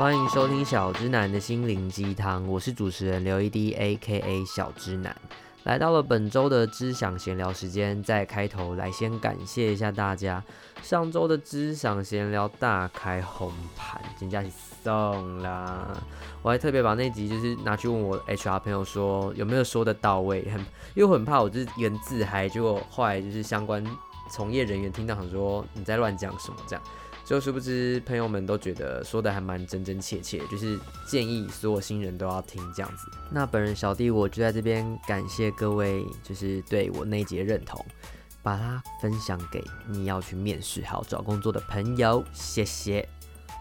歡迎收聽小之男的心靈雞湯，我是主持人劉一滴，A.K.A 小之男，來到了本周的之想閒聊時間，在開頭來先感謝一下大家，上周的之想閒聊大開紅盤，人家送啦，我還特別把那集就是拿去問我 H.R. 朋友說有沒有說得到位，很又很怕我就是源自嗨，就後來就是相關從業人員聽到想說你在亂講什麼這樣。就殊不知朋友們都覺得說的還蠻真真切切，就是建議所有新人都要聽這樣子。那本人小弟我就在這邊感謝各位，就是對我那一集認同，把它分享給你要去面試好找工作的朋友，謝謝。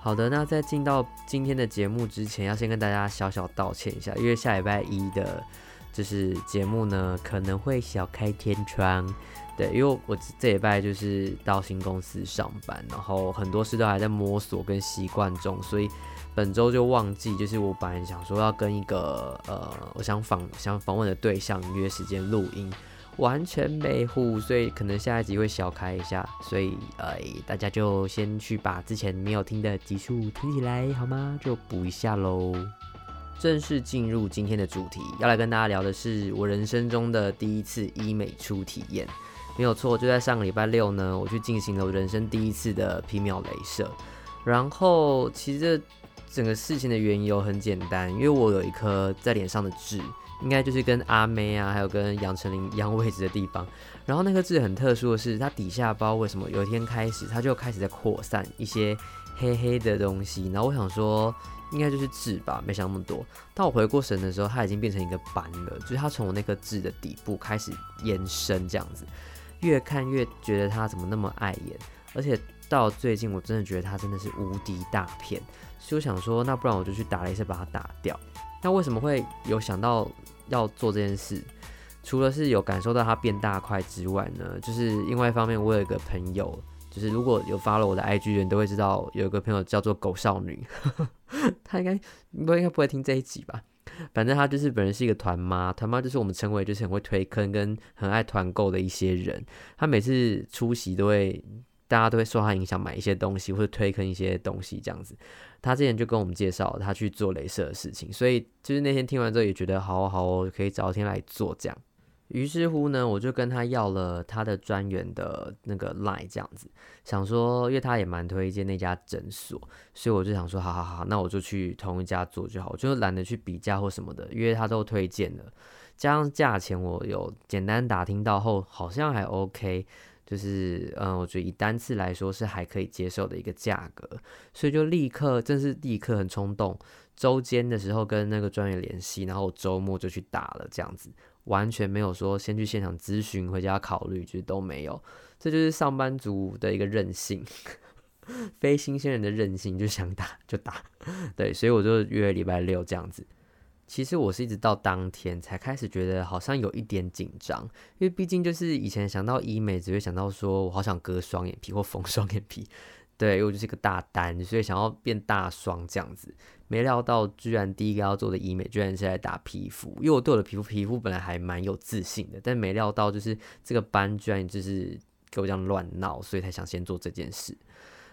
好的，那在進到今天的節目之前，要先跟大家小小道歉一下，因為下禮拜一的就是節目呢，可能會小開天窗，對，因為我這禮拜就是到新公司上班，然後很多事都還在摸索跟習慣中，所以本周就忘記，就是我本來想說要跟一個呃，我想訪想訪問的對象約時間錄音，完全沒戶，所以可能下一集會小開一下，所以哎、呃，大家就先去把之前沒有聽的集數聽起來好嗎？就補一下嘍。正式進入今天的主題，要來跟大家聊的是我人生中的第一次醫美初體驗。沒有錯，就在上個禮拜六呢，我去進行了我人生第一次的皮秒鐳射。然後其實這整個事情的緣由很簡單，因為我有一顆在臉上的痣，應該就是跟阿妹啊，還有跟楊丞琳一樣位置的地方。然後那顆痣很特殊的是，它底下不知道為什麼，有一天開始它就開始在擴散一些。黑黑的東西，然後我想說應該就是痣吧，沒想那麼多。當我回過神的時候，它已經變成一個斑了，就是它從我那顆痣的底部開始延伸，這樣子，越看越覺得它怎麼那麼礙眼，而且到最近我真的覺得它真的是無敵大片，所以我想說，那不然我就去打雷射把它打掉。那為什麼會有想到要做這件事？除了是有感受到它變大塊之外呢，就是另外一方面，我有一個朋友。就是如果有 follow 我的 IG 的人都會知道，有一個朋友叫做狗少女，哈哈，她應該不應該不會聽這一集吧？反正她就是本人是一個團媽，團媽就是我們稱為就是很會推坑跟很愛團購的一些人。她每次出席都會，大家都會受她影響買一些東西或者推坑一些東西這樣子。她之前就跟我們介紹她去做雷射的事情，所以就是那天聽完之後也覺得好好哦，可以找一天來做這樣。於是乎呢，我就跟他要了他的專員的那個 line 這樣子，想說，因為他也蠻推薦那家診所，所以我就想說，好好好，那我就去同一家做就好，我就懶得去比價或什麼的，因為他都推薦了，加上價錢我有簡單打聽到後，好像還 OK，就是，嗯，我覺得以單次來說是還可以接受的一個價格，所以就立刻，正是立刻很衝動，週間的時候跟那個專員聯繫，然後周末就去打了這樣子。完全沒有說先去現場諮詢、回家考慮，其實都沒有。這就是上班族的一個任性， 非新鮮人的任性，就想打就打。對，所以我就約禮拜六這樣子。其實我是一直到當天才開始覺得好像有一點緊張，因為畢竟就是以前想到醫美只會想到說我好想割雙眼皮或縫雙眼皮，對，因為我就是一個大單，所以想要變大雙這樣子。沒料到，居然第一個要做的醫美居然是來打皮膚，因為我對我的皮膚皮膚本來還蠻有自信的，但沒料到就是這個斑居然就是給我這樣亂鬧，所以才想先做這件事。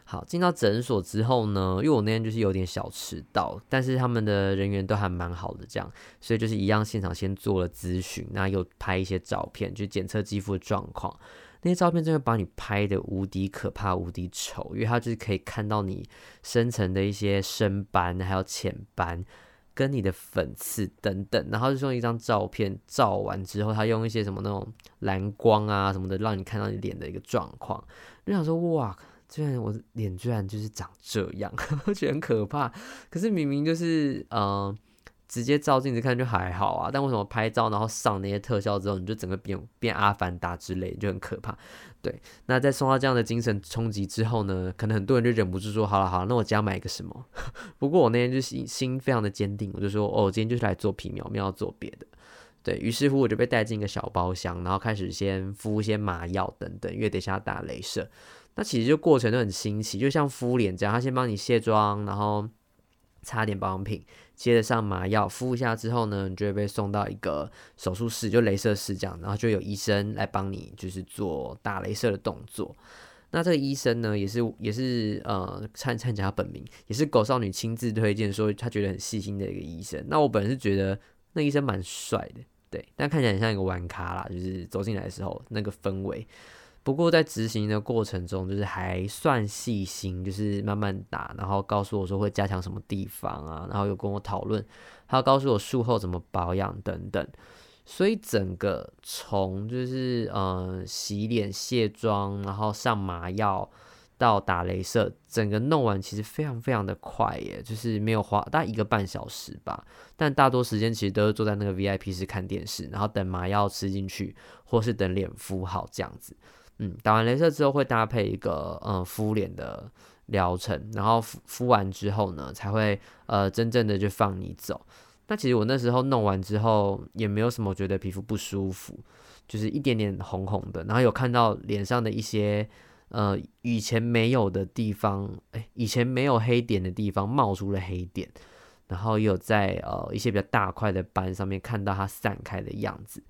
好，進到診所之後呢，因為我那天就是有點小遲到，但是他們的人員都還蠻好的，這樣，所以就是一樣現場先做了諮詢，那又拍一些照片，就檢測肌膚的狀況。那些照片真的把你拍得無敵可怕，無敵醜，因為它就是可以看到你深層的一些深斑，還有淺斑，跟你的粉刺等等。然後就用一張照片照完之後，他用一些什麼那種藍光啊什麼的，讓你看到你臉的一個狀況。就想說，哇，居然我臉居然就是長這樣，我覺得很可怕。可是明明就是，嗯、呃。直接照鏡子看就還好啊，但為什麼拍照然後上那些特效之後，你就整個變變阿凡達之類，就很可怕。對，那在受到這樣的精神衝擊之後呢，可能很多人就忍不住說：好了好了，那我只要買一個什麼。 不過我那天就心心非常的堅定，我就說：哦，今天就是來做皮秒，沒有要做別的。對，於是乎，我就被帶進一個小包廂，然後開始先敷一些麻藥等等，因為等一下打雷射。那其實就過程就很新奇，就像敷臉這樣，他先幫你卸妝，然後擦點保養品。接着上麻藥，敷一下之後呢，你就會被送到一個手術室，就鐳射室這樣，然後就會有醫生來幫你，就是做打鐳射的動作。那這個醫生呢，也是也是呃，看看起他本名也是狗少女親自推薦，說他覺得很細心的一個醫生。那我本人是覺得那醫生蠻帥的，對，但看起來很像一個玩咖啦，就是走進來的時候那個氛圍。不過在執行的過程中，就是還算細心，就是慢慢打，然後告訴我說會加強什麼地方啊，然後又跟我討論，他告訴我術後怎麼保養等等，所以整個從就是嗯洗臉卸妝，然後上麻藥到打雷射，整個弄完其實非常非常的快耶，就是沒有花大概一個半小時吧，但大多時間其實都是坐在那個 VIP 室看電視，然後等麻藥吃進去或是等臉敷好這樣子。嗯，打完雷射之後會搭配一個嗯、呃、敷臉的療程，然後敷敷完之後呢，才會呃真正的就放你走。那其實我那時候弄完之後也沒有什麼覺得皮膚不舒服，就是一點點紅紅的。然後有看到臉上的一些呃以前沒有的地方，哎、欸，以前沒有黑點的地方冒出了黑點，然後也有在呃一些比較大塊的斑上面看到它散開的樣子。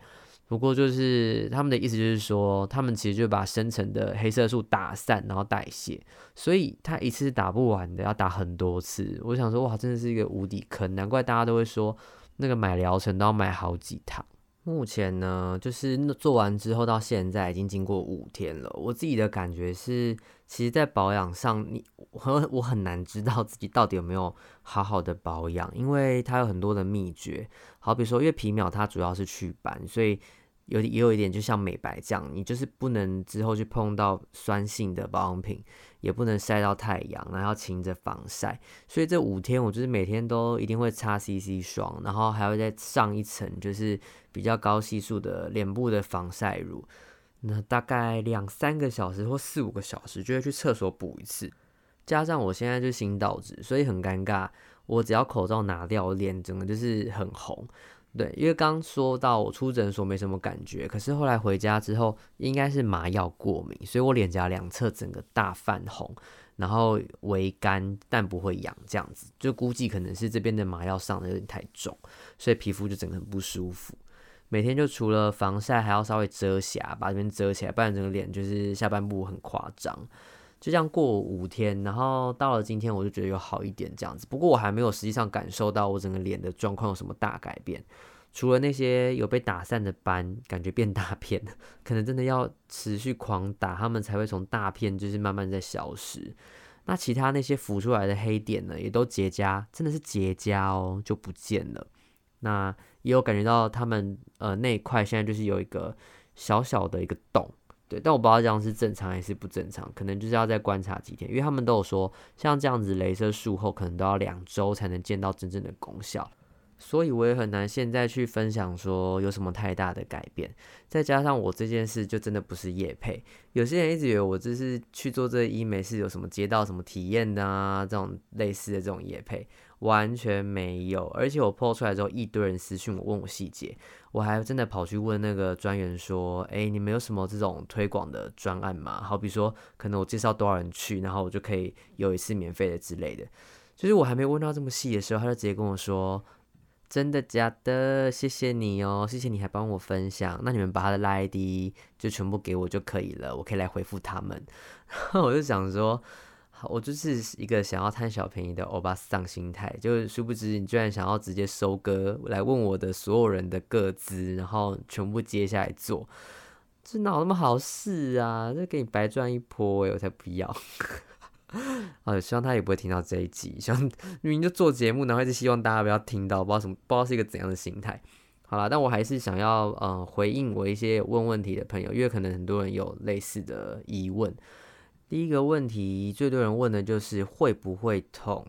不過就是他們的意思，就是說他們其實就把深層的黑色素打散，然後代謝，所以它一次打不完的，要打很多次。我想說，哇，真的是一個無底坑，難怪大家都會說那個買療程都要買好幾趟。目前呢，就是那做完之後到現在已經經過五天了，我自己的感覺是，其實，在保養上，你和我，我很難知道自己到底有沒有好好的保養，因為它有很多的秘訣。好比說，因為皮秒它主要是祛斑，所以有也有一點就像美白這樣，你就是不能之後去碰到酸性的保養品，也不能曬到太陽，然後要勤着防曬。所以這五天我就是每天都一定會擦 CC 霜，然後還會再上一層就是比較高係數的臉部的防曬乳。那大概兩三個小時或四五個小時就會去廁所補一次，加上我現在就新到職，所以很尷尬。我只要口罩拿掉，臉真的就是很紅。對，因為剛說到我出診所沒什麼感覺，可是後來回家之後，應該是麻藥過敏，所以我臉頰兩側整個大泛紅，然後微乾但不會癢這樣子，就估計可能是這邊的麻藥上的有點太重，所以皮膚就整個很不舒服。每天就除了防曬，還要稍微遮瑕，把這邊遮起來，不然整個臉就是下半部很誇張。就這樣過五天，然後到了今天，我就覺得有好一點這樣子。不過我還沒有實際上感受到我整個臉的狀況有什麼大改變，除了那些有被打散的斑，感覺變大片，可能真的要持續狂打，他們才會從大片就是慢慢在消失。那其他那些浮出來的黑點呢，也都結痂，真的是結痂哦，就不見了。那也有感覺到他們呃那一塊現在就是有一個小小的一個洞。對，但我不知道這樣是正常還是不正常，可能就是要再觀察幾天，因為他們都有說，像這樣子雷射術後可能都要兩周才能見到真正的功效，所以我也很難現在去分享說有什麼太大的改變。再加上我這件事就真的不是業配，有些人一直以為我這是去做這個醫美是有什麼接到什麼體驗吶、啊，這種類似的這種業配。完全沒有，而且我 PO 出來之後，一堆人私訊我問我細節，我還真的跑去問那個專員說：“誒，你們有什麼這種推廣的專案嗎？好比說，可能我介紹多少人去，然後我就可以有一次免費的之類的。”就是我還沒問到這麼細的時候，他就直接跟我說：“真的假的？謝謝你哦，謝謝你還幫我分享。那你們把他的賴 ID 就全部給我就可以了，我可以來回復他們。”然後我就想說。好我就是一個想要貪小便宜的歐巴桑心態，就是殊不知你居然想要直接收割來問我的所有人的個資，然後全部接下來做，這哪有那麼好事啊？這給你白賺一波，哎，我才不要！啊， 希望他也不會聽到這一集，希望明明就做節目，呢，還是希望大家不要聽到，不知道什麼，不知道是一個怎樣的心態。好了，但我還是想要嗯、呃、回應我一些問問題的朋友，因為可能很多人有類似的疑問。第一個問題，最多人問的就是會不會痛，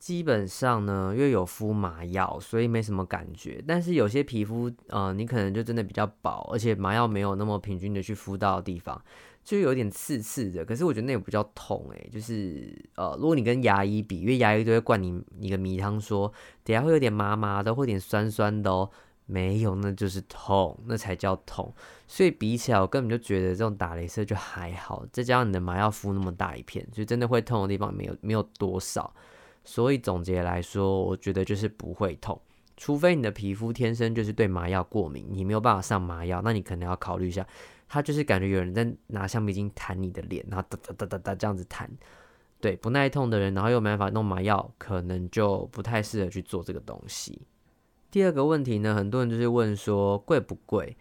基本上呢，因為有敷麻藥，所以沒什麼感覺。但是有些皮膚呃，你可能就真的比較薄，而且麻藥沒有那麼平均的去敷到的地方，就有點刺刺的。可是我覺得那也比較痛誒，就是呃，如果你跟牙醫比，因為牙醫都會灌你你的迷湯，說等下會有點麻麻的，會有點酸酸的哦。沒有，那就是痛，那才叫痛。所以比起來，我根本就覺得這種打雷射就還好。再加上你的麻藥敷那麼大一片，所以真的會痛的地方沒有沒有多少。所以總結來說，我覺得就是不會痛，除非你的皮膚天生就是對麻藥過敏，你沒有辦法上麻藥，那你可能要考慮一下。他就是感覺有人在拿橡皮筋彈你的臉，然後噠噠噠噠噠噠這樣子彈。對，不耐痛的人，然後又沒辦法弄麻藥，可能就不太適合去做這個東西。第二個問題呢，很多人就是問說貴不貴？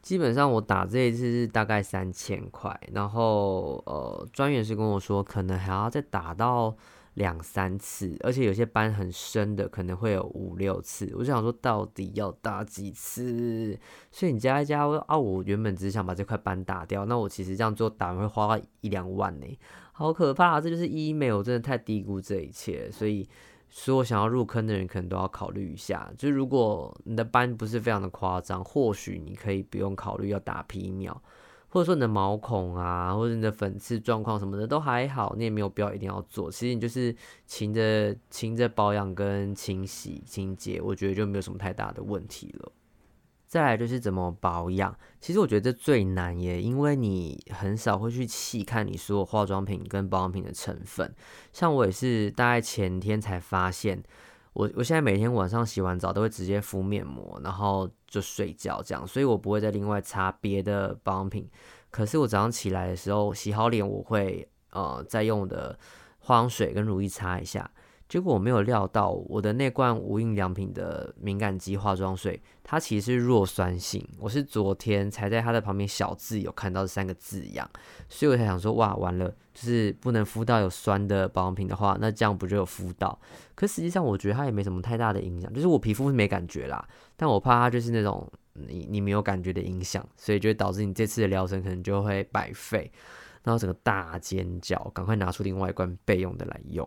基本上我打這一次是大概三千塊，然後呃，專員是跟我說可能還要再打到兩三次，而且有些斑很深的可能會有五六次。我就想說到底要打幾次？所以你加一加，我說，啊，我原本只是想把這塊斑打掉，那我其實這樣做打完會花一兩萬呢，欸，好可怕，啊！這就是醫美，我真的太低估這一切了，所以。所以我想要入坑的人可能都要考慮一下。就如果你的斑不是非常的誇張，或許你可以不用考慮要打皮秒，或者說你的毛孔啊，或者你的粉刺狀況什麼的都還好，你也沒有必要一定要做。其實你就是勤着勤着保養跟清洗清潔，我覺得就沒有什麼太大的問題了。再來就是怎麼保養，其實我覺得這最難耶，因為你很少會去細看你所有化妝品跟保養品的成分。像我也是大概前天才發現，我我現在每天晚上洗完澡都會直接敷面膜，然後就睡覺這樣，所以我不會再另外擦別的保養品。可是我早上起來的時候，洗好臉我會呃再用我的化妝水跟乳液擦一下。結果我沒有料到，我的那罐無印良品的敏感肌化妝水，它其實是弱酸性。我是昨天才在它的旁邊小字有看到這三個字樣，所以我才想說，哇，完了，就是不能敷到有酸的保養品的話，那這樣不就有敷到？可實際上我覺得它也沒什麼太大的影響，就是我皮膚是沒感覺啦。但我怕它就是那種你你沒有感覺的影響，所以就會導致你這次的療程可能就會白費。然後整個大尖叫，趕快拿出另外一罐備用的來用。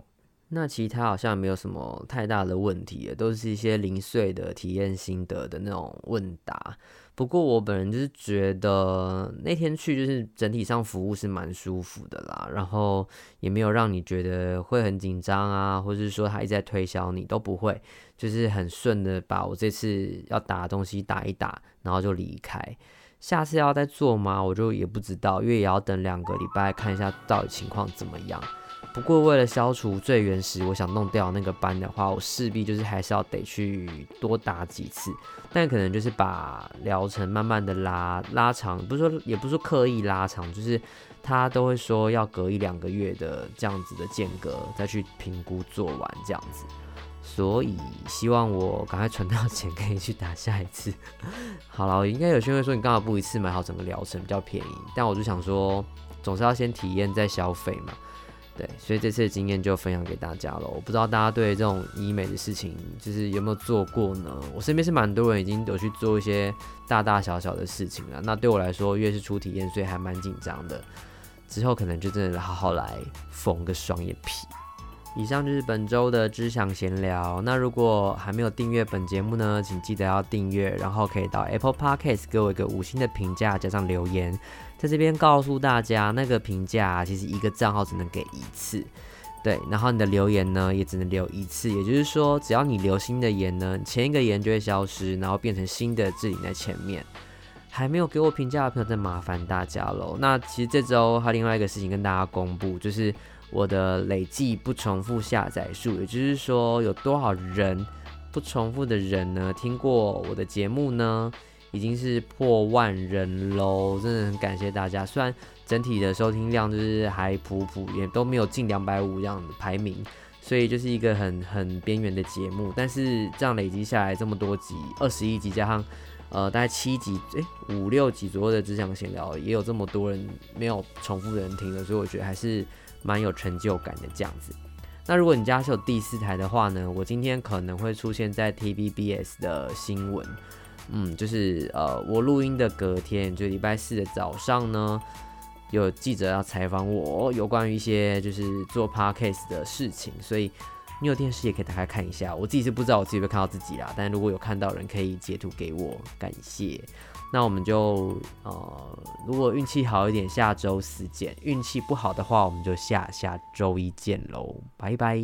那其他好像沒有什麼太大的問題，都是一些零碎的體驗心得的那種問答。不過我本人就是覺得那天去就是整體上服務是蠻舒服的啦，然後也沒有讓你覺得會很緊張啊，或者是說他一直在推銷你，都不會，就是很順的把我這次要打的東西打一打，然後就離開。下次要再做嗎？我就也不知道，因為也要等兩個禮拜看一下到底情況怎麼樣。不過為了消除最原始，我想弄掉那個斑的話，我勢必就是還是要得去多打幾次。但可能就是把療程慢慢的拉拉長，不是說也不是說刻意拉長，就是他都會說要隔一兩個月的這樣子的間隔再去評估做完這樣子。所以希望我趕快存到錢可以去打下一次。 好了，應該有些人會說你，剛好不一次買好整個療程比較便宜？但我就想說，總是要先體驗再消費嘛。對，所以這次的經驗就分享給大家囉。我不知道大家對這種醫美的事情，就是有沒有做過呢？我身邊是蠻多人已經有去做一些大大小小的事情了。那對我來說，越是初體驗，所以還蠻緊張的。之後可能就真的好好來縫個雙眼皮。以上就是本周的之想閒聊。那如果還沒有訂閱本節目呢，請記得要訂閱，然後可以到 Apple Podcast 給我一個五星的評價，加上留言。在這邊告訴大家，那個評價、啊、其實一個賬號只能給一次，對。然後你的留言呢，也只能留一次，也就是說，只要你留新的言呢，前一個言就會消失，然後變成新的置頂，在前面。還沒有給我評價的朋友，再麻煩大家嘍。那其實這周還有另外一個事情跟大家公布，就是。我的累計不重複下載數，也就是說，有多少人不重複的人呢？聽過我的節目呢，已經是破萬人嘍！真的很感謝大家。雖然整體的收聽量就是還普普，也都沒有近兩百五這樣的排名，所以就是一個很很邊緣的節目。但是這樣累積下來這麼多集，二十一集加上呃大概七集，誒、欸，五六集左右的之想閒聊，也有這麼多人沒有重複的人聽了，所以我覺得還是。蠻有成就感的這樣子。那如果你家是有第四台的話呢，我今天可能會出現在 TVBS 的新聞，嗯，就是呃，我錄音的隔天，就禮拜四的早上呢，有記者要採訪我，有關於一些就是做 podcast 的事情。所以你有電視也可以打開看一下。我自己是不知道我自己會看到自己啦，但如果有看到人，可以截圖給我，感謝。那我們就呃，如果運氣好一點，下周四見；運氣不好的話，我們就下下周一見嘍，拜拜。